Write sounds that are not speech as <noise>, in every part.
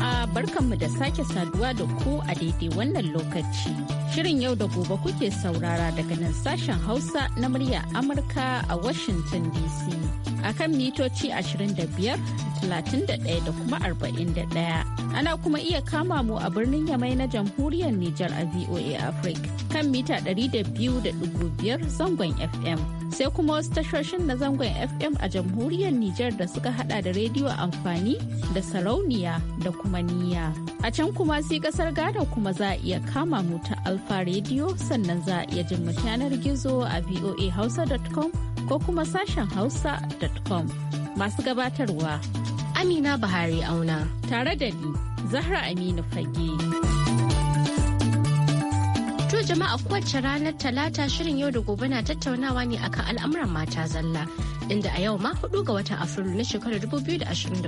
jama'a barkanmu da sake saduwa da ku a daidai wannan lokaci. Shirin yau da gobe kuke saurara daga nan sashen Hausa na murya Amurka a Washington DC. a kan mitoci 25, da kuma 41. Ana kuma iya kama mu a birnin Yamai na jamhuriyar Nijar a VOA Africa kan mita 200.5 zangon FM. Sai kuma wasu tashoshin na zangon FM a jamhuriyar Nijar da suka hada da rediyo amfani da sarauniya da kuma niya. A can kuma sai kasar Ghana kuma za a iya kama mu ta Alfa rediyo sannan za a iya jin yanar gizo a voahausa.com ko kuma sashen hausa.com masu gabatarwa. Amina Buhari auna. Tare da ni, Zahra Aminu Fage. To jama'a kowace ranar talata shirin yau da gobe na tattaunawa ne akan al'amuran mata zalla. Inda a yau ma hudu ga watan Afrilu na shekarar 2023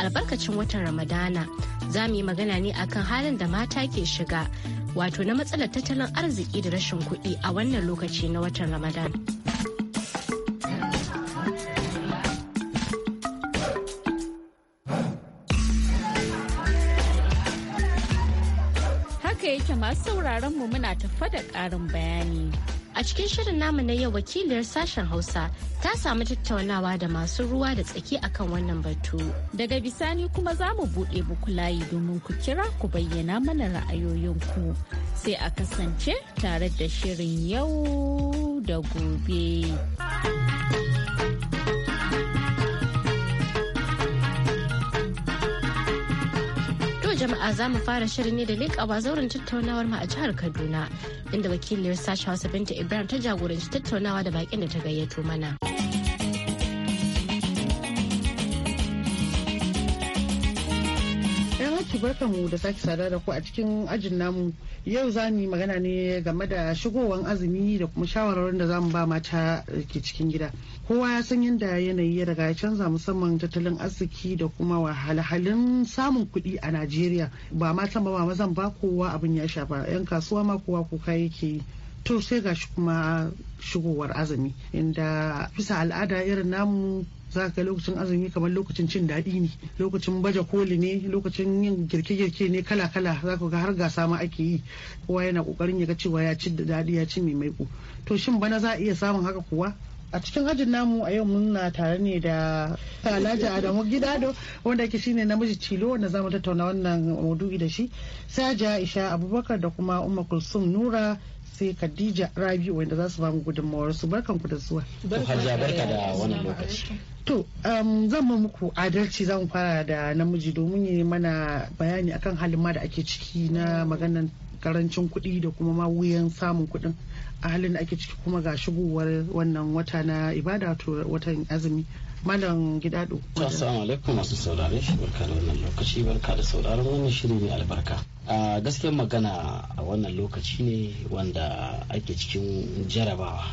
albarkacin watan Ramadana. Za mu yi magana ne akan halin da mata ke shiga. Wato na matsalar tattalin arziki da rashin kuɗi a wannan lokaci na watan Ramadana. masu sauraron mu muna ta da ƙarin bayani. A cikin shirin namu na yau wakiliyar sashen Hausa ta samu tattaunawa da masu ruwa da tsaki akan wannan batu. Daga bisani kuma za mu buɗe muku layi domin ku kira ku bayyana mana ra'ayoyinku. Sai a kasance tare da shirin yau da gobe. jama'a za mu fara shirin ne da leƙawa zauren tattaunawar mu a jihar Kaduna inda wakiliyar sasha Hausa Binta Ibrahim ta jagoranci tattaunawa da bakin da ta gayyato mana. barkan mu da sake sada da ku a cikin ajin namu yau za mu yi magana ne game da shigowan azumi da kuma shawarwarin da za mu ba mata ke cikin gida kowa ya san yadda yanayi ya daga ya canza musamman tattalin arziki da kuma wahalhalun samun kuɗi a najeriya ba matan ba ba mazan ba kowa abin ya shafa yan kasuwa ma kowa kuka yake to sai gashi kuma shigowar azumi inda bisa al'ada irin namu za ka lokacin azumi kamar lokacin cin daɗi ne lokacin baje koli ne lokacin yin girke-girke ne kala-kala za ka ga har gasa ma ake yi kowa yana kokarin ya ga cewa ya ci da daɗi ya ci mai maiko to shin bana za a iya samun haka kuwa a cikin ajin namu a yau muna tare ne da alhaji adamu gidado wanda yake shine namiji cilo wanda mu tattauna wannan maudu'i da shi saja isha abubakar da kuma umma kulsum nura sai Khadija Rabi'u wanda za su ba mu gudunmawar su barkan ku da zuwa. barka da lokaci. To um, zan ma muku adalci zan fara da namiji domin yi mana bayani akan halin ma da ake ciki na maganan karancin kuɗi da kuma ma wuyan samun kuɗin a halin da ake ciki kuma ga shigowar wannan wata na ibada to watan azumi malam gidado assalamu alaikum masu saurare barka da wannan lokaci barka da sauraron wannan shiri ne albarka a gaskiyar magana a wannan lokaci ne wanda ake cikin jarabawa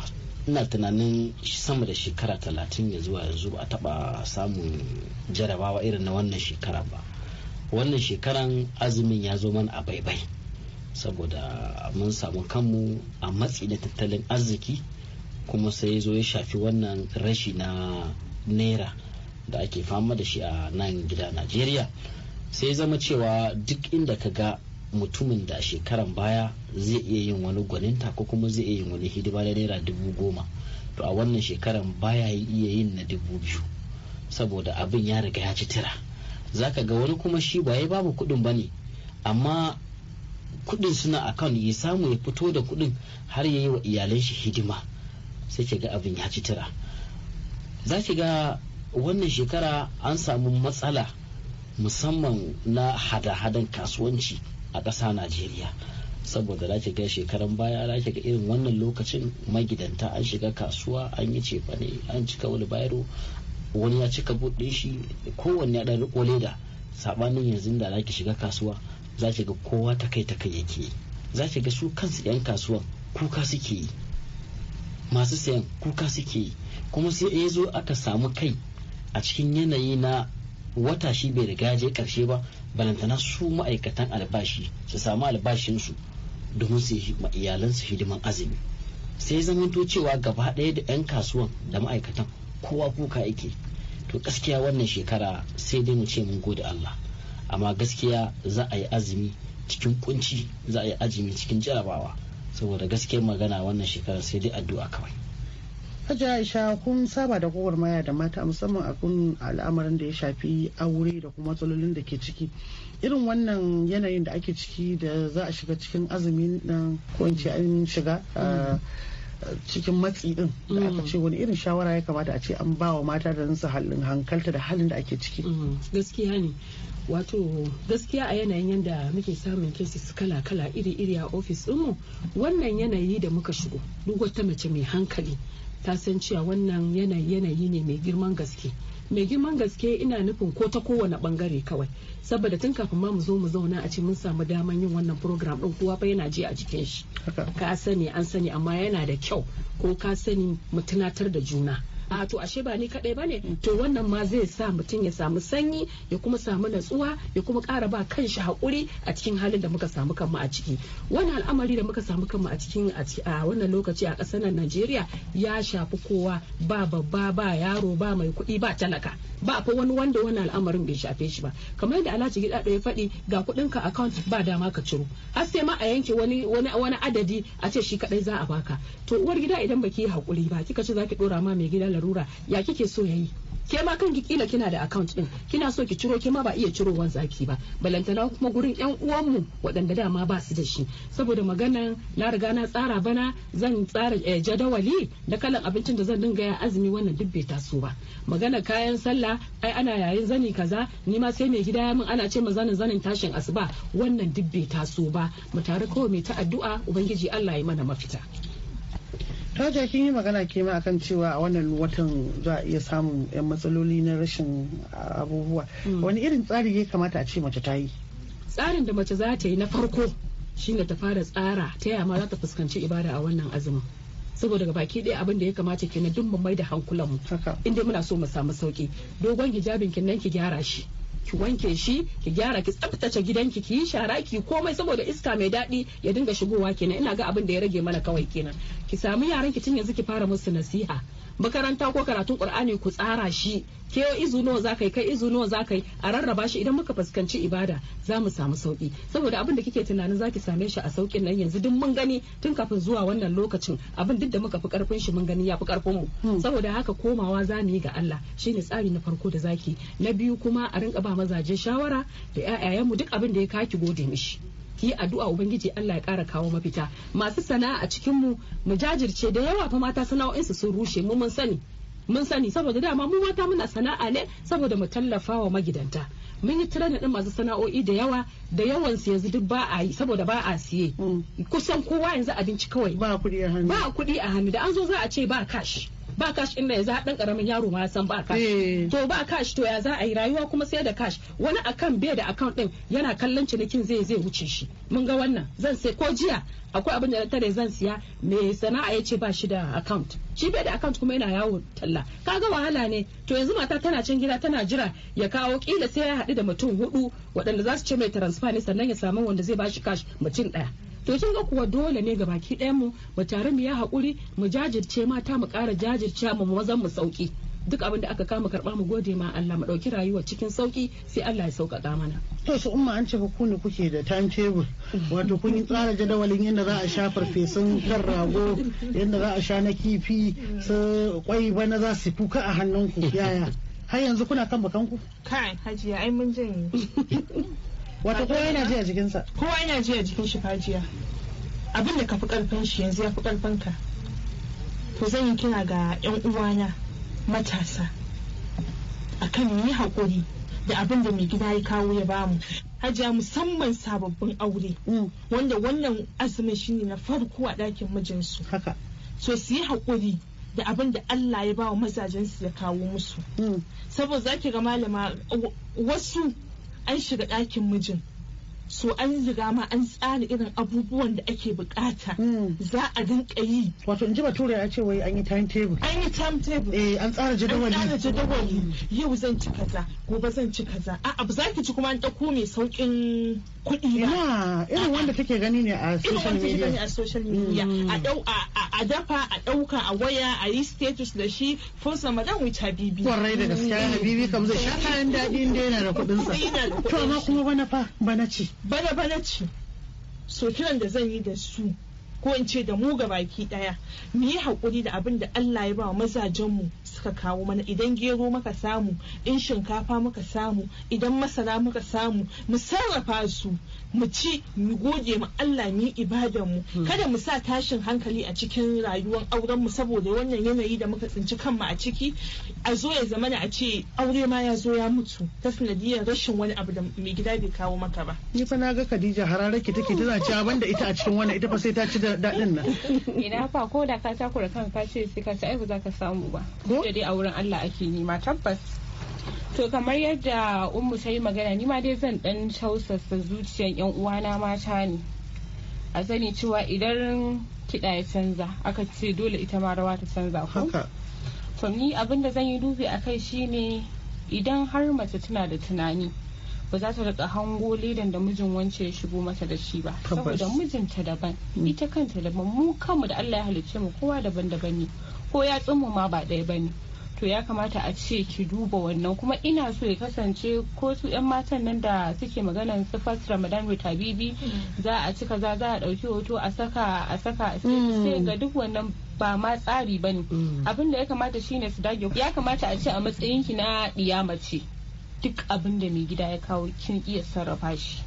ina tunanin sama da shekara talatin ya zuwa yanzu a taba samun jarabawa irin na wannan shekara ba wannan shekaran azumin ya zo mana a baibai saboda mun samu kanmu a matsi da tattalin arziki kuma sai zo ya shafi wannan rashi na naira da ake fama da shi a nan gida najeriya sai zama cewa duk inda ka ga mutumin da shekaran baya zai iya yin wani gwaninta ko kuma zai iya yin wani hidima da naira dubu goma to a wannan shekaran baya iya yin na dubu biyu saboda abin ya riga ya ci tira za ka ga wani kuma shi ba ya babu kuɗin ba ne amma kuɗin suna akan ya samu ya fito da kuɗin har ya yi wa iyalan shi hidima sai ke ga abin ya ci tura za ki ga wannan shekara an samu matsala musamman na hada-hadan kasuwanci a ƙasa najeriya saboda za ke ga shekaran baya za ke ga irin wannan lokacin magidanta an shiga kasuwa an yi cefane an cika wani bayro wani ya cika buɗe shi kowanne ya ɗan riƙo leda saɓanin yanzu da za ki shiga kasuwa za ki ga kowa ta kai ta kai yake za ki ga su kansu 'yan kasuwan kuka suke yi masu sayan kuka suke yi kuma sai ya zo aka samu kai a cikin yanayi na wata shi bai riga je karshe ba balantana su ma'aikatan albashi su samu albashinsu domin su yi iyalansu hidiman azumi sai zamanto cewa gaba ɗaya da 'yan kasuwan da ma'aikatan kowa kuka yake to gaskiya wannan shekara sai dai mu ce mun gode Allah amma gaskiya za a yi azumi cikin kunci za a yi azumi cikin jarabawa saboda gaskiyar magana wannan shekarar sai dai addu'a kawai Hajji Aisha kun saba da kowar maya da mata musamman a kun al'amarin da ya shafi aure da kuma matsalolin da ke ciki. Irin wannan yanayin da ake ciki da za a shiga cikin azumi na ko an shiga mm. ah, cikin matsi din da aka mm. ce wani irin shawara ya kamata a ce an ba wa mata da su halin hankalta da halin da ake ciki mm. gaskiya ne wato gaskiya a yanayin yadda muke samun cases kala-kala iri-iri a ofis ɗinmu wannan yanayi da muka shigo duk wata mace mai hankali ta san cewa wannan yanayi yanayi ne mai girman gaske mai girman gaske ina nufin ko ta kowane bangare kawai saboda tun kafin ma mu zo mu zauna a ce mun samu daman yin wannan program din kowa fa yana ji a jikin shi ka sani an sani amma yana da kyau ko ka sani mu tunatar da juna a to ashe ba ni kadai bane to wannan ma zai sa mutum ya samu sanyi ya kuma samu natsuwa ya kuma kara ba kanshi hakuri a cikin halin da muka samu kanmu a ciki wannan al'amari da muka samu kanmu a cikin a wannan lokaci a ƙasar Najeriya ya shafi kowa ba babba ba yaro ba mai kuɗi ba talaka ba fa wani wanda wani al'amarin bai shafe shi ba kamar da alhaji gida ya faɗi ga kuɗin ka account ba dama ka ciro har sai ma a yanke wani wani adadi a ce shi kadai za a baka to uwar gida idan baki yi hakuri ba kika ce zaki dora ma mai gida larura ya kike so yayi ke ma ki kila kina da account din kina so ki ciro ke ma ba iya cirowan zaki ba balantana kuma gurin yan uwanmu waɗanda dama ba su da shi saboda magana na riga na tsara bana zan tsara eh, jadawali da kalan abincin da zan dinga ya azumi wannan duk bai taso ba magana kayan sallah ai ana yayin zani kaza ni ma sai mai gida min ana ce ma zanin zanin tashin asuba wannan duk bai taso ba mu tare kawai mai ta addu'a ubangiji Allah ya mana mafita Taja kin yi magana ke ma akan cewa a wannan watan za a iya samun 'yan matsaloli na rashin abubuwa. Mm. Wani irin tsari ya kamata a ce mace ta yi? Tsarin da mace za ta yi na farko shine ta fara tsara ta yaya ma za ta fuskanci ibada a wannan azumin. saboda ga baki ɗaya abin da ya kamata kenan duk mu mai da hankulanmu inda muna so mu samu sauki dogon hijabin kin nan ki gyara shi ki wanke shi ki gyara ki tsaftace gidanki ki yi shara ki komai saboda iska mai daɗi ya dinga shigowa kenan ina ga abin da ya rage mana kawai kenan ki samu yaran ki tun yanzu ki fara musu nasiha makaranta ko karatun qur'ani ku tsara shi ke izu nawa za yi kai izu nawa za ka yi a rarraba shi idan muka fuskanci ibada za mu samu sauki saboda abin da kike tunanin zaki same shi a saukin nan yanzu duk mun gani tun kafin zuwa wannan lokacin abin duk da muka fi karfin shi mun gani ya fi karfin mu hmm. saboda haka komawa za mu yi ga Allah shine tsari na farko da zaki na biyu kuma a rinka ba mazaje shawara da mu duk abin da ya kaki gode mishi ki yi addu'a ubangiji Allah ya kara kawo mafita masu sana'a a cikin mu mu jajirce da yawa fa mata sana'o'insu sun rushe mu mun sani mun sani saboda dama mu mata muna sana'a ne saboda mu tallafa wa magidanta mun yi tirenin din masu sana'o'i da yawa da yawan su yanzu duk ba a yi saboda ba a siye mm. kusan kowa yanzu abinci kawai ba kuɗi a hannu ba kuɗi a hannu da an zo za a ce ba cash ba cash din da ya za dan karamin yaro ma san ba cash eh. to ba cash to ya za a yi rayuwa kuma sai da cash wani akan bai da account din yana kallon cinikin zai zai wuce shi mun ga wannan zan sai ko jiya akwai abin da na tare zan siya mai sana'a ya ce ba shi da account shi bai da account kuma yana yawo talla kaga wahala ne to yanzu mata tana can gida tana jira ya kawo kila sai ya haɗu da mutum hudu waɗanda za su ce mai transfer ne sannan ya samu wanda zai ba shi cash mutum ɗaya to kin ga kuwa dole ne ga baki ɗayan mu mu tare mu ya haƙuri mu jajirce mata mu ƙara jajirce mu mazan mu sauki duk abin da aka kama karɓa mu gode ma Allah mu ɗauki rayuwa cikin sauki sai Allah ya sauƙaƙa mana to su umma an ce ba ku ne kuke da timetable wato kun yi tsara jadawalin yadda za a sha farfesun kan rago yadda za a sha na kifi su kwai bana za su fuka a hannunku yaya har yanzu kuna kan bakanku kai hajiya ai mun janye <laughs> wato kowa yana ji a jikinsa kowa yana ji a jikin shi fajiya abin da ka fi karfin shi yanzu ya fi karfin ka to zan yi kina ga yan uwana matasa akan yi hakuri da abin da mai gida ya kawo ya bamu hajiya musamman sababbin aure mm. wanda wannan azumin shine na farko a dakin mijinsu haka so su yi hakuri da abin da Allah ya bawa mazajensu ya kawo musu mm. saboda zaki ga malama wasu an shiga ɗakin mijin so an riga ma an tsara irin abubuwan da ake bukata hmm. za a dinka yi wato in ji bature ya ce wai an yi timetable an yi timetable eh an tsara jadawali an tsara jadawali yau zan ci kaza gobe zan ci kaza a'a ba za ki ci kuma an dauko mai saukin kuɗi ba irin wanda take gani ne a social media irin wanda take gani a social media hmm. a dau a dafa a dauka a waya a yi status da shi fosa madan wuta bibi kwarai da gaskiya habibi kam zai sha kayan daɗi inda yana da kuɗin sa to amma kuma bana fa bana ci bana bana ce so kiran da zan yi da su ko in ce da mu ga baki daya mu yi haƙuri da abin da Allah ya ba wa mazajenmu suka kawo mana idan gero muka samu in shinkafa muka samu idan masara muka samu mu sarrafa su mu ci mu goge mu Allah mu ibadan mu hmm. kada mu sa tashin hankali a cikin rayuwar auren mu saboda wannan yanayi da muka tsinci kanmu a ciki a zo ya zamana a ce aure ma ya zo ya mutu ta sanadiyar rashin wani abu da mai gida bai kawo maka ba ni fa na naga Khadija hararake take tana cewa banda ita a cikin wannan ita fa sai ta ci da dadin nan ina fa ko da ka takura kan ka ce sai ka ci ai ba za ka samu ba da dai a wurin Allah ake nema tabbas to kamar yadda ummu ta yi magana nima dai zan dan tausasa zuciyan yan uwana mata ne a sani cewa idan kiɗa ya canza aka ce dole ita ma rawa ta canza ko to ni abin da zan yi dubi a kai shine idan har mace tana da tunani ba za ta rika hango ledan da mijin wance ya shigo mata da shi ba saboda mijinta daban ita kanta daban mu kanmu da Allah ya halicce mu kowa daban-daban ne ko tsinmu ma ba ɗaya ba ne to ya kamata a ce ki duba wannan kuma ina so ya kasance ko su 'yan matan nan da suke maganan su ramadan with bibi hmm. za a cika za a ɗauki hoto a saka a saka hmm. sai ga duk wannan ba ma tsari ba ne hmm. abin da ya kamata shine su dage ya kamata a ce a matsayin ki na ɗiya mace duk abin da mai gida ya kawo kin iya sarrafa shi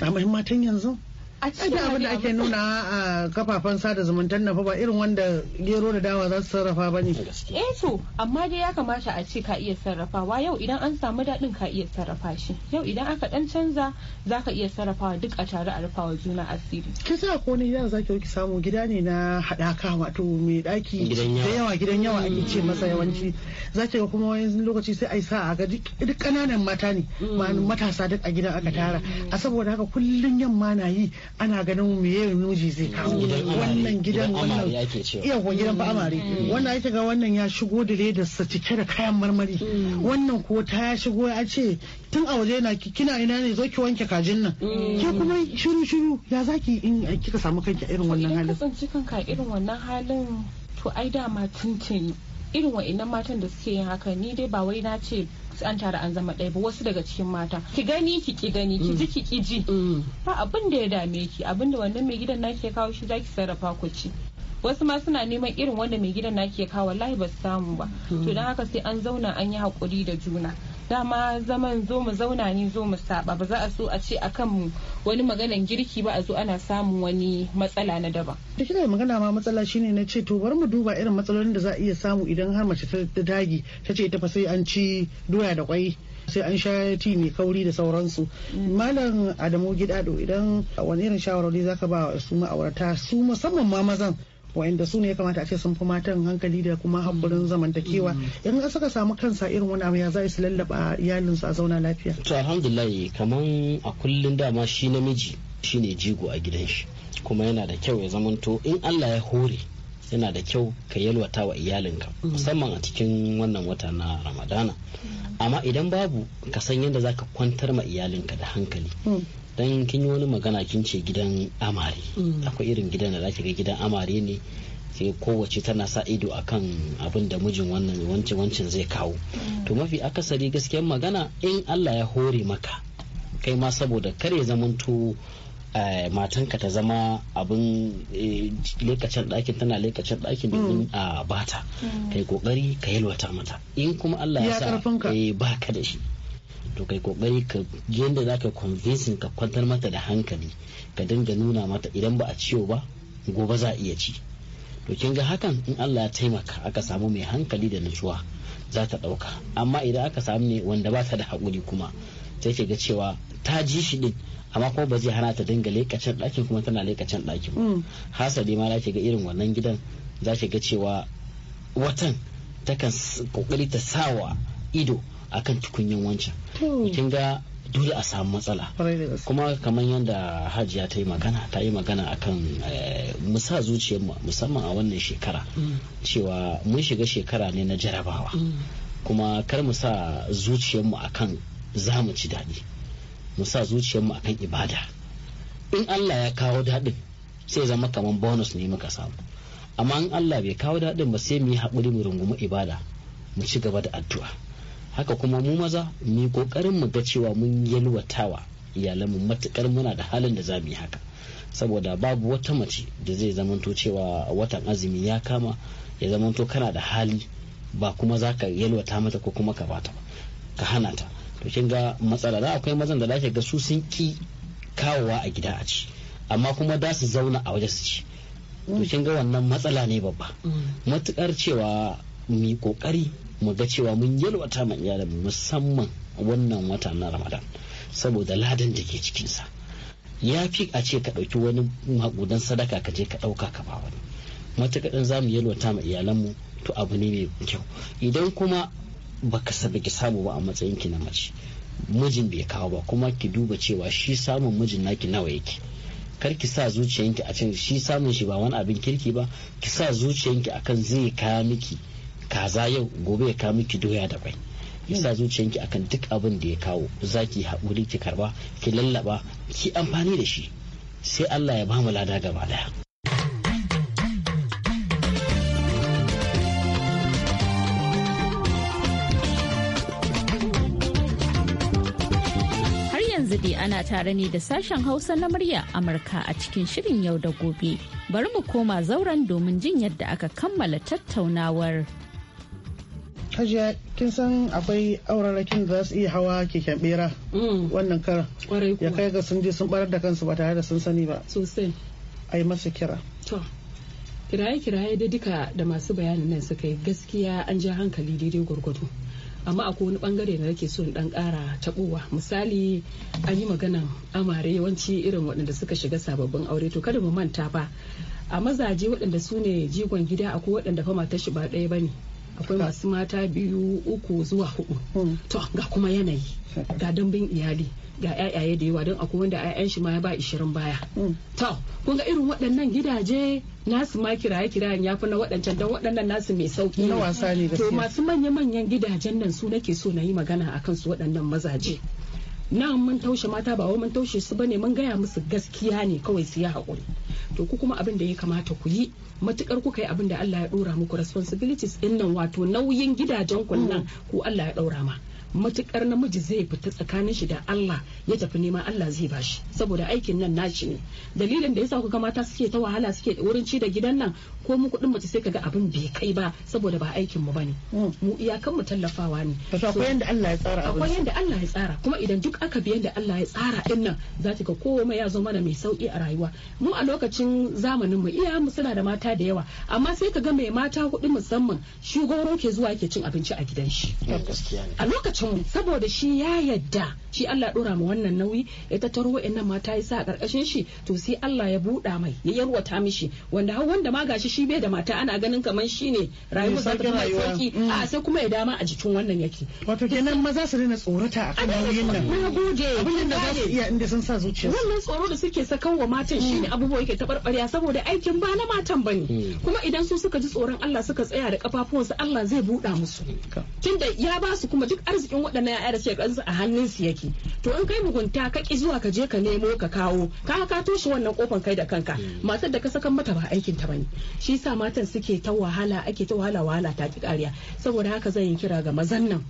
a matan yanzu a abin da ake nuna a kafafen sada zumuntar na ba irin wanda gero da dawa za su sarrafa ba ne eh to amma dai ya kamata a ce ka iya sarrafawa yau idan an samu daɗin ka iya sarrafa shi yau idan aka ɗan canza za ka iya sarrafawa duk a tare a rufawa juna asiri kisa ko ne yau za ki ki samu gida ne na haɗaka wato mai ɗaki da yawa gidan yawa ake ce masa mm. yawanci za ki ga kuma wani lokaci sai a yi sa a ga duk ƙananan mata ne mm. matasa duk a gidan aka tara a saboda haka kullum yamma na yi ana ganin meye nuji zai kawo wannan gidan wannan yawa gidan ba amare mm. wannan ita ga wannan ya shigo da leda sa cike da kayan marmari mm. wannan ko ta ya shigo ya ce tun a waje na kina ina ne zo ki wanke kajin nan mm. ke kuma shiru shiru ya zaki in kika samu kanki irin wannan halin idan ka kanka irin wannan halin to ai dama tuntun irin wa'annan matan da suke yin haka ni dai ba wai na ce an tara an zama ɗaya ba wasu daga cikin mata ki gani ki ki gani ki mm. ji ki ki ji mm. ba abin da ya dame ki abin da wannan mai gidan nake kawo shi zaki sarrafa ku ci wasu ma suna neman irin wanda mai gidan nake kawo wallahi ba su samu ba mm. to don haka sai an zauna an yi hakuri da juna dama zaman zo mu zauna ne zo mu saba ba za a so a ce a mu wani maganan girki ba a zo ana samun wani matsala na daban da kina magana ma matsala shine na ce to bari mu duba irin matsalolin da za a iya samu idan har mace ta dagi ta ce ta fa sai an ci doya da kwai sai an sha ti mai kauri da sauransu mm. malam adamu gidado idan wani irin shawarwari zaka ba su ma'aurata su musamman ma mazan wa'anda su ne ya kamata a ce sun fi matan hankali da kuma hakurin mm. zamantakewa mm. in suka samu kansa irin wani abu ya za su lallaba iyalinsu a zauna lafiya to alhamdulillah kaman a kullun dama shi namiji shine jigo a gidan shi kuma yana da kyau ya zamanto in Allah ya hore yana da kyau ka yalwata wa iyalinka mm. musamman a cikin wannan wata na ramadana mm. amma idan babu ka san yadda za ka kwantar ma iyalinka da hankali mm. don kin yi wani magana kin ce gidan amare akwai irin gidan da zaki ga gidan amare ne sai kowace tana sa ido akan abin da mijin wannan wancan wancin zai kawo to mafi akasari gaskiyar magana in Allah ya hore maka kai ma saboda kare zamanto Eh, matanka ta zama abin eh, lokacin ɗakin tana lokacin ɗakin mm. domin a bata mm. kai kokari ka yalwata mata in kuma Allah ya sa eh, ba ka da shi to kai kokari ka yanda zaka ka convincing ka kwantar mata da hankali ka dinga nuna mata idan ba a ciwo ba gobe za a iya ci to kin ga hakan in Allah ya taimaka aka samu mai hankali da nutsuwa za ta ɗauka amma idan aka samu ne wanda ba ta da hakuri kuma sai ke ga cewa ta ji shi din amma kuma ba zai hana ta dinga lekacin ɗakin kuma tana lekacin ɗakin ba mm. hasali ma za ga irin wannan gidan za ga cewa watan takan kokari ta sawa ido akan tukunyan wancan kin ga dole a samu matsala kuma kamar yadda hajiya ta yi magana ta yi magana akan eh, musa zuciyar musamman a wannan shekara mm. cewa mun shiga shekara ne na jarabawa mm. kuma kar mu sa zuciyarmu akan zamu ci daɗi mu sa zuciyarmu akan ibada in Allah ya kawo daɗin sai zama kamar bonus ne muka samu amma in Allah bai kawo daɗin ba sai mu yi haƙuri mu rungumi ibada mu ci gaba da addu'a haka kuma mu maza mu yi ƙoƙarin mu ga cewa mun yalwatawa iyalanmu matukar muna da halin da za mu yi haka saboda babu wata mace da zai zamanto cewa watan azumi ya kama ya zamanto kana da hali ba kuma za ka yalwata mata ko kuma ka bata ka hana ta to kin ga matsala da akwai mazan da lafiya ga su sun ki kawowa a gida a ci amma kuma da su zauna a waje su ci to kin ga wannan matsala ne babba mm. matukar cewa mu kokari mu ga cewa mun yalwata ma iyalan musamman wannan wata na Ramadan saboda ladan da ke cikin sa ya fi a ce ka ɗauki wani magudan sadaka ka je ka ɗauka ka ba wani matukar za mu yalwata ma mu to abu ne mai kyau idan kuma ba ka sabe ki samu ba a matsayin ki na mace mijin bai kawo ba kuma ki duba cewa shi samun mijin naki nawa yake kar ki sa zuciyanki a can shi samun shi ba wani abin kirki ba ki sa zuciyanki akan zai kaya miki kaza yau gobe ya kawo miki doya da kwai ya sa zuciyanki akan duk abin da ya kawo zaki haƙuri ki karba ki lallaba ki amfani da shi sai Allah ya ba mu lada gaba daya yanzu ana tare ne da sashen Hausa na murya Amurka a cikin shirin yau da gobe. Bari mu koma zauren domin jin yadda aka kammala tattaunawar. Hajiya kin san akwai aurarakin da za su iya hawa keken bera mm. wannan ya kai ga sun je sun barar da kansu ba tare da sun sani ba. Sosai. A yi masa kira. To, kiraye-kiraye da duka da masu bayanin nan suka yi gaskiya an ja hankali daidai gwargwado. amma akwai wani bangare da nake so in dan kara tabowa misali an yi maganan amare yawanci irin waɗanda suka shiga sababbin aure to kada mu manta ba a mazaje waɗanda su ne jigon gida akwai waɗanda fa ta shi ba ɗaya bane akwai masu mata biyu uku zuwa hudu hmm. to ga kuma yanayi ga dambin iyali ga yayaye da yawa don akwai wanda yayan shi ma ya ba ishirin baya mm. Ta kun ga irin waɗannan gidaje nasu ma kiraye kirayen ya fi na waɗancan don waɗannan nasu mai sauki na wasa ne to masu manya manyan gidajen nan su nake so na yi magana akan su waɗannan mazaje nan mun taushe mata ba wai mun taushe su bane mun gaya musu gaskiya ne kawai su yi haƙuri to ku kuma abin da ya kamata ku yi matukar kuka yi abin Allah ya ɗora muku responsibilities ɗin nan wato nauyin gidajen ku nan mm. ku Allah ya ɗora ma matukar namiji zai fita tsakanin shi da Allah ya tafi nema Allah zai bashi saboda aikin nan naci ne dalilin da yasa kuga mata suke ta wahala suke wurin ci da gidan nan ko mu kudin mace sai kaga abin bai kai ba saboda ba aikin mu bane mm. mu iyakan mu tallafawa ne akwai yanda Allah ya tsara akwai yanda Allah ya tsara kuma idan duk aka bi yanda Allah ya tsara din nan za ka ga komai ya zo mana mai sauki a rayuwa mu a lokacin zamanin mu iya mu suna da mata da yawa amma sai kaga mai mata kudin musamman shugoro ke zuwa yake cin abinci a gidan shi a lokacin mutum saboda shi ya yadda shi Allah dora ma wannan nauyi ya tattaro wa'annan mata ya sa a karkashin shi to sai Allah ya buɗa mai ya yarwata mishi wanda har wanda ma gashi shi bai da mata ana ganin kamar shi rayuwar sa ta sauki a sai kuma ya dama a jikin wannan yake wato kenan maza su rena tsorata akan nauyin nan na gode abin da za su iya inda sun sa zuciya wannan tsoro da suke sakan wa matan ne abubuwa yake tabarbarya saboda aikin ba na matan ne. Hmm. kuma idan su suka ji tsoron Allah suka tsaya da kafafuwansu Allah zai buɗa musu hmm. tunda ya ba su kuma duk arziki arzikin waɗannan ya'ya da suke a hannun su yake to in kai mugunta ka ki zuwa ka je ka nemo ka kawo ka ka toshe wannan kofan kai da kanka mm. matar da ka saka mata ba aikin ta bane shi yasa matan suke ta wahala ake ta wahala wahala ta ki kariya saboda haka zan yi kira ga mazan nan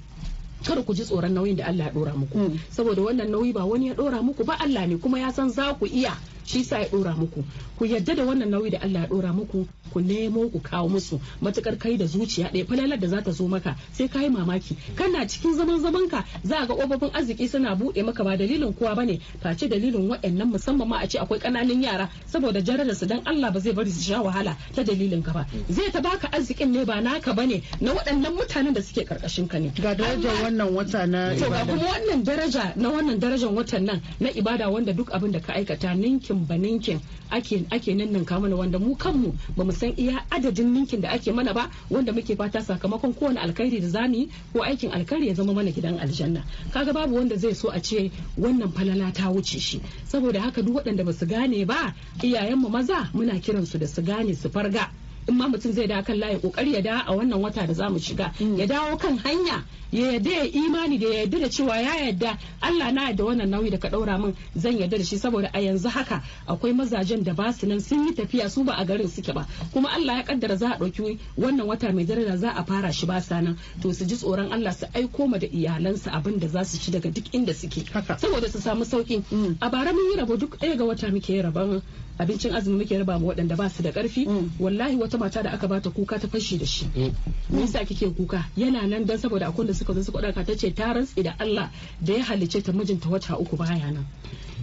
kar ku ji tsoron nauyin da Allah ya dora muku mm. saboda wannan nauyi ba wani ya dora muku ba Allah ne kuma ya san za ku iya shi sa ya dora muku ku yadda da wannan nauyi da Allah ya dora muku ku nemo ku kawo musu matukar kai da zuciya ɗaya falalar da za ta zo maka sai ka yi mamaki kana cikin zaman zaman ka za ga ƙofofin arziki suna buɗe maka ba dalilin kowa bane face dalilin waɗannan musamman ma a ce akwai ƙananan yara saboda jarar su dan Allah ba zai bari su sha wahala ta dalilin ka ba zai ta baka arzikin ne ba naka bane na waɗannan mutanen da suke karkashin ka ne ga darajar wannan wata na ibada to ga kuma wannan daraja na wannan darajar watan nan na ibada wanda duk abin da ka aikata ninkin baninkin ba ake nan ninninka mana wanda mu kanmu ba mu san iya adadin ninkin da ake mana ba wanda muke fata sakamakon kowane alkhairi da zamu yi ko aikin alkhairi ya zama mana gidan aljanna kaga babu wanda zai so a ce wannan falala ta wuce shi saboda haka duk waɗanda ba su gane ba iyayenmu maza muna kiransu da su gane su farga in ma mutum zai da kan layi kokari ya da a wannan wata da zamu shiga mm. ya dawo kan hanya ya yarda ya imani da ya yarda da cewa ya yarda Allah na yarda wannan nauyi da ka daura min zan yarda da shi saboda a yanzu haka akwai mazajen da basu nan sun yi tafiya su ba a garin suke ba kuma Allah ya kaddara za a dauki wannan wata mai daraja za a fara shi ba sanan to su ji tsoron Allah su aiko ma da iyalansa abin da za su ci daga duk inda suke saboda su samu sauki mm. a bara mun yi rabo duk ɗaya ga wata muke rabon abincin azumi muke raba ma waɗanda ba su da ƙarfi mm. wallahi wata wata mata da aka bata kuka ta fashe da shi mm. me yasa kike kuka yana nan dan saboda akwai da suka zo suka dauka tace ta rantsi da Allah da ya halicce ta mijinta wata uku baya nan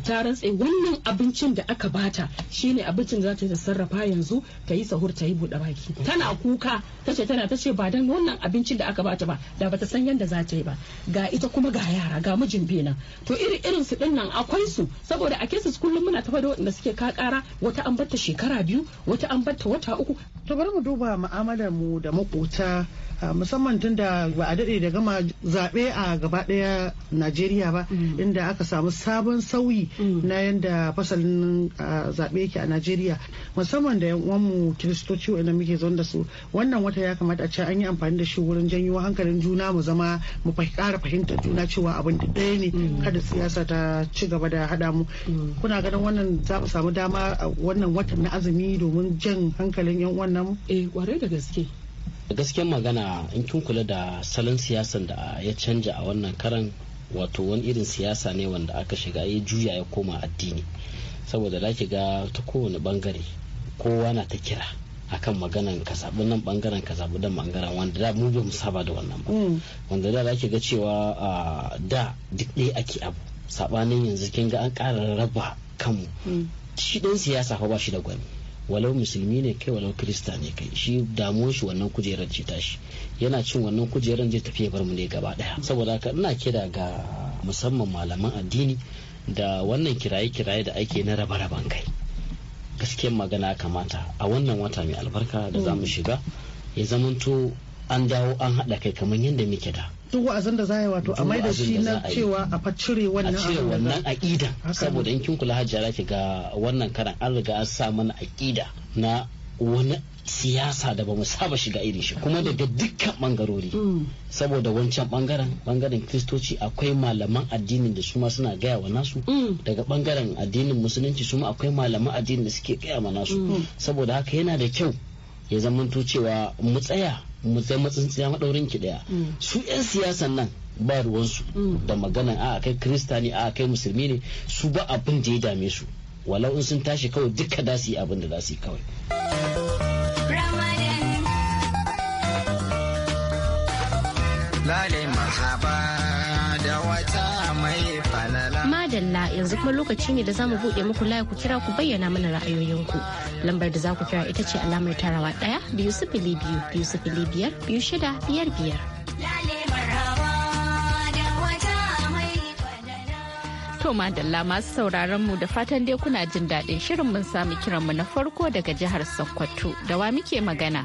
ta rantse wannan abincin da aka bata shine abincin da za ta sarrafa yanzu ta yi sahur ta yi buɗe baki tana kuka tace tana ta ce ba dan wannan abincin da aka bata ba da bata san yadda za ta yi ba ga ita kuma ga yara ga mijin bena to iri irin su dinnan akwai su saboda a kesis kullum muna tafa da waɗanda suke kakara wata an batta shekara biyu wata an batta wata uku to bari mu duba mu'amalar mu da makota Ah, musamman tun da ba a daɗe da gama zaɓe a gaba ɗaya najeriya ba mm. inda aka samu sabon sauyi mm. na yadda fasalin ah, zaɓe yake a najeriya musamman da uwanmu kiristoci wanda muke zaune da su wannan wata ya kamata a ce an yi amfani da shi wurin janyo hankalin juna mu zama mu ƙara fahimtar juna cewa abin da ɗaya ne mm. kada siyasa ta ci gaba da haɗa mu kuna ganin wannan za mu samu dama wannan watan na azumi domin jan hankalin yan uwan namu. eh da gaske gaskiyar magana in kin kula da salon siyasan da ya canja a wannan karan wato wani irin siyasa ne wanda aka shiga ya juya ya koma addini saboda da ga ta kowane bangare kowa na ta kira akan maganan ka zaɓi nan bangaren ka zaɓi nan bangaren wanda da mu mu saba da wannan ba mm. wanda da za ki ga cewa da duk ɗaya ake abu saɓanin yanzu kin ga an ƙara raba kanmu mm. shi ɗan siyasa fa ba shi da gwani walau musulmi ne kai walau kirista ne kai shi damuwar shi wannan kujerar ce tashi yana cin wannan kujerar zai tafi ya bar mu ne gaba daya saboda haka ina kira ga musamman malaman addini da wannan kiraye-kiraye da ake na raba-raban kai gaskiyar magana kamata a wannan wata mai albarka da za mu mm. shiga ya zamanto an dawo an haɗa kai kamar yadda muke da duk wa'azin da za yi wato a maida shi na cewa a fa cire wannan a cire wannan aƙida saboda in kin kula hajjara ki ga wannan karan an riga an sa mana aƙida na wani siyasa da bamu saba shiga irin shi kuma daga dukkan bangarori hmm. saboda wancan bangaren bangaren kristoci akwai malaman addinin da su ma suna gaya wa nasu hmm. daga bangaren addinin musulunci su ma akwai malaman addinin da suke gaya wa nasu hmm. saboda haka yana da kyau ya zamanto cewa mu tsaya mu zama tsintsiya maɗaurin ki ɗaya mm. su 'yan siyasan nan ba ruwansu mm. da magana a kai krista ne a kai musulmi ne su ba abin da ya dame su walau in sun tashi kawai duka da su yi abin da za su yi kawai madalla yanzu kuma lokaci ne da za mu buɗe muku layi ku kira ku bayyana mana ra'ayoyinku. Lambar da za ku kira ita ce alamar tarawa ɗaya biyu sifili biyu biyu sifili biyar biyu shida biyar biyar. To madalla masu sauraron mu da fatan dai kuna jin daɗin shirin mun sami kiranmu na farko daga jihar Sokoto da wa muke magana.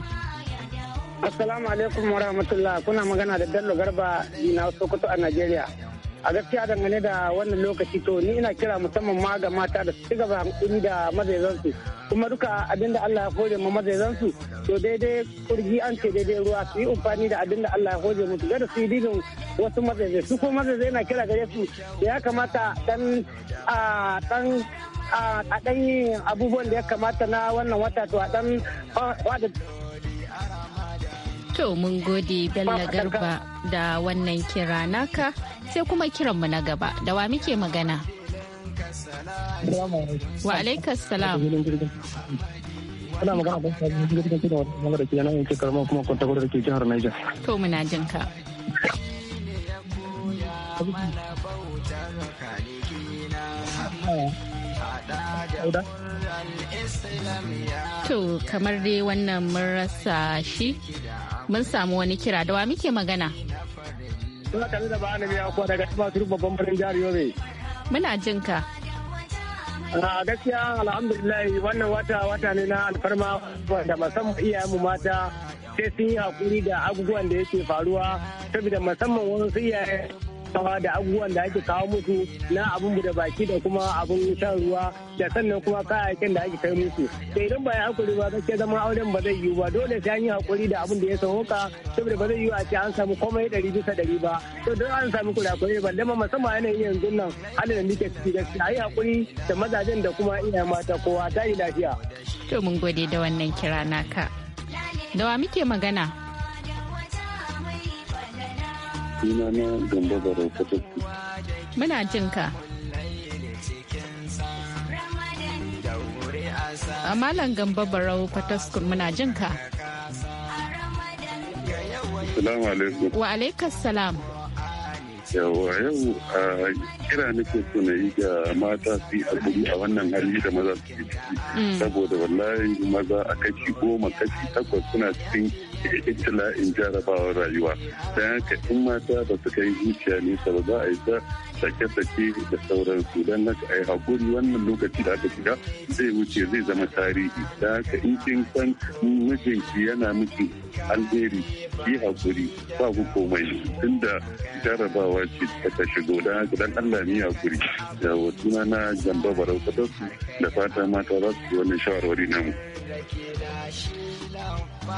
Assalamu alaikum wa rahmatullah kuna magana da Bello Garba ina Sokoto a Najeriya. a gaskiya dangane da wannan lokaci to ni ina kira musamman ma ga mata da su gaba hankuri da mazaizansu kuma duka abin da Allah ya hore ma mazaizansu to daidai kurgi an ce daidai ruwa su yi amfani da abin da Allah ya hore musu gada su yi digin wasu mazaizai su ko mazaizai na kira gare su da ya kamata dan a dan a dan yin abubuwan da ya kamata na wannan wata to a dan To mun gode Bello Garba da wannan kira naka. sai kuma kiranmu na gaba da wa muke magana. Wa alaikas salam. Ana magana da sabon jirgin da wata magana da ke nan ke karamar kuma da ke jihar Niger. To muna jin ka. To kamar dai wannan mun rasa shi mun samu wani kira da wa muke magana. Suna tare da ba na kuwa daga babban birnin jihar Yobe. Muna jin ka. A gaskiya alhamdulillah wannan wata wata ne na alfarma da musamman iyayenmu mata sai sun yi hakuri da abubuwan da yake faruwa saboda musamman wasu iyaye kawa da abubuwan da ake kawo musu na abin da baki da kuma abin shan ruwa da sannan kuma kayayyakin da ake kai musu da idan ba ya hakuri ba gaskiya zama auren ba zai yiwu ba dole sai an yi hakuri da abin da ya ka saboda ba zai yiwu a ce an samu komai ɗari bisa ɗari ba to don an samu kurakurai ba dama musamman yanayin yanzu nan halin da muke ciki gaskiya a yi hakuri da mazajen da kuma iyayen mata kowa ta yi lafiya. To mun gode da wannan kira naka. Da wa muke magana? Suna na gamba da Muna jin ka. A Malam Gambo Barau Fataskun muna jin ka. Salamu alaikum. Wa alaikas salam. Yawa yau a kira nake so na yi ga mata su yi a wannan hali da maza su yi ciki. Mm. Saboda wallahi maza a kashi goma kashi takwas suna cikin ibtila'in jarabawar rayuwa don haka in mata ba su kai zuciya nesa ba za a yi ta sake-sake da sauransu don haka a hakuri wannan lokaci da aka shiga zai wuce zai zama tarihi da haka in kin san mijinki yana miki alheri yi hakuri ba ku komai tunda jarabawa ce ta shigo don haka dan Allah ni hakuri da suna na jamba barau da fata mata za su wannan shawarwari namu.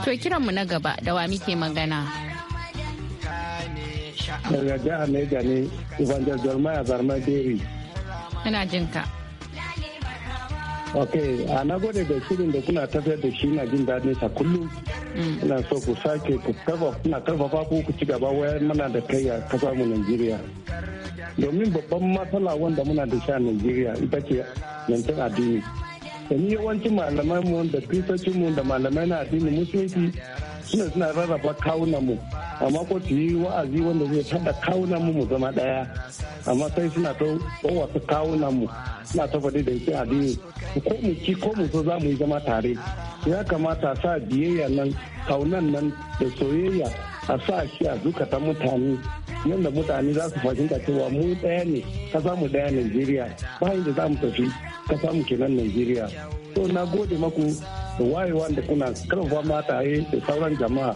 To kiranmu na gaba da wa muke magana. daga jihar Niger ne Evangelist a Barma Deri. Ina jin ka. Ok, a na gode da shirin da kuna tafiyar da shi na jin daɗin sa kullum. Mm. Ina so ku sake ku kuna karfafa ku ku ci gaba wayar mana da kai a kasar mu Najeriya. Domin babban matsala wanda muna da shi a Najeriya ita ce yanzu addini. ni yawancin malamai mu da kristocin mu da malamai na addini musulunci suna suna rarraba kawunan mu. amma ko su yi wa'azi wanda zai tada kawunan mu mu zama daya amma sai suna ta wasu kawunan mu suna ta faɗi da yake addini ko mu ki ko mu so za mu yi zama tare ya kamata sa biyayya nan kaunan nan da soyayya a sa shi a zukata mutane yadda mutane za su fahimta cewa mu ɗaya ne kasa mu ɗaya Najeriya bayin da za mu tafi kasa mu kenan Najeriya so na gode maku da wayewa da kuna karfafa mataye da sauran jama'a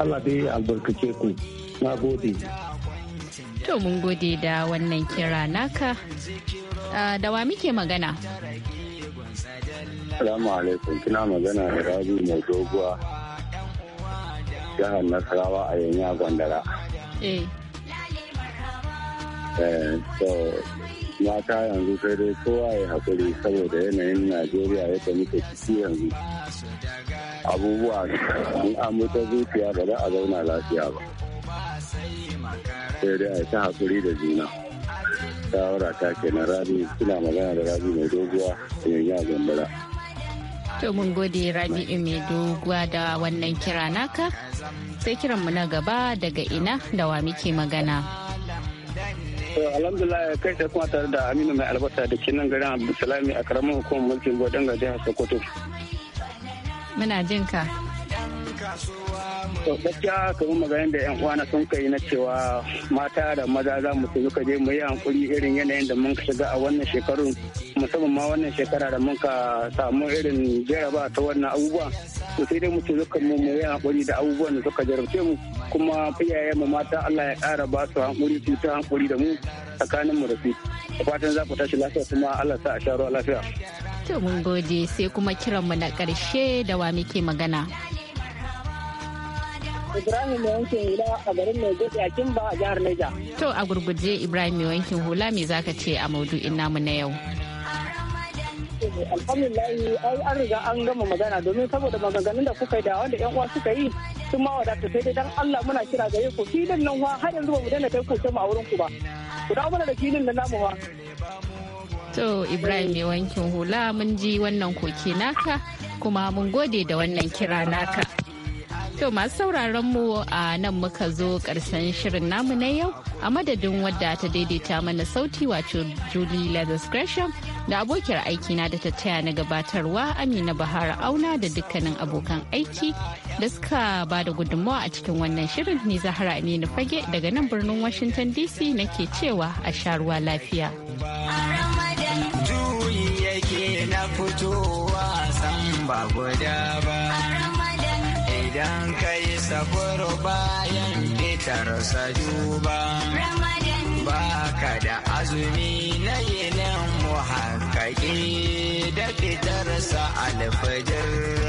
Allah dai albarkace ku na gode to mun gode da wannan kira naka ah, da wa muke magana Salamu alaikum kina magana da Rabi mai doguwa jihar Nasarawa a yanya Gwandara. Eh. so eh, mata yanzu sai dai kowa ya haƙuri saboda yanayin Najeriya yadda muke ciki yanzu. abubuwa in an mutu zuciya ba za a zauna lafiya ba sai dai a ta haƙuri da juna shawara ta na rabi suna magana da rabi mai doguwa yanya gambara to mun gode rabi eh, mai doguwa da wannan kira naka sai kiranmu na gaba daga ina da wa muke magana alhamdulillah kai da kuma tare da aminu mai albasa da kinan garin abdulsalami a karamin hukumar mulkin gwadon ga jihar sokoto Muna jin ka. to gaskiya kamar maganin da yan uwana sun kai na cewa mata da maza za mu ka je mu yi hankuri irin yanayin da mun shiga a wannan shekarun musamman ma wannan shekara da mun ka samu irin jaraba ta wannan abubuwa to sai dai mu ce zuka mu yi hankuri da abubuwan da suka jarabce mu kuma iyayen mu mata Allah ya ƙara ba su hankuri su ta hankuri da mu tsakanin mu da su fatan za ku tashi lafiya kuma Allah sa a sha ruwa lafiya to mun gode sai kuma kiran mu na ƙarshe da wa muke magana Ibrahim yankin hula a garin Lagos a Kimba a jihar Niger. To a gurguje Ibrahim mai hula me zaka ce a maudu'in namu na yau? Alhamdulillahi ai an riga an gama magana domin saboda maganganun da kuka yi da wanda yan uwa suka yi sun ma wadata sai dai dan Allah muna kira gare ku filin nan wa har yanzu ba mu daina kai mu a wurin ku ba. Ku dawo mana da filin nan namu wa. To Ibrahim mai wankin hula mun ji wannan koke naka kuma mun gode da wannan kira naka. To masu sauraron mu a nan muka zo karshen shirin namu na yau a madadin wadda ta daidaita mana sauti wato Julie Leathers Gresham da abokiyar aikina da ta taya na gabatarwa Amina Bahara Auna da dukkanin abokan aiki da suka ba da gudunmawa a cikin wannan shirin ni Zahara Aminu Fage daga nan birnin Washington DC nake cewa a sharuwa lafiya. yake na ba ba. idan kai safar bayan fitar sajuba ba ka da azumi na yi mu haƙaƙi da fitarsa alfajir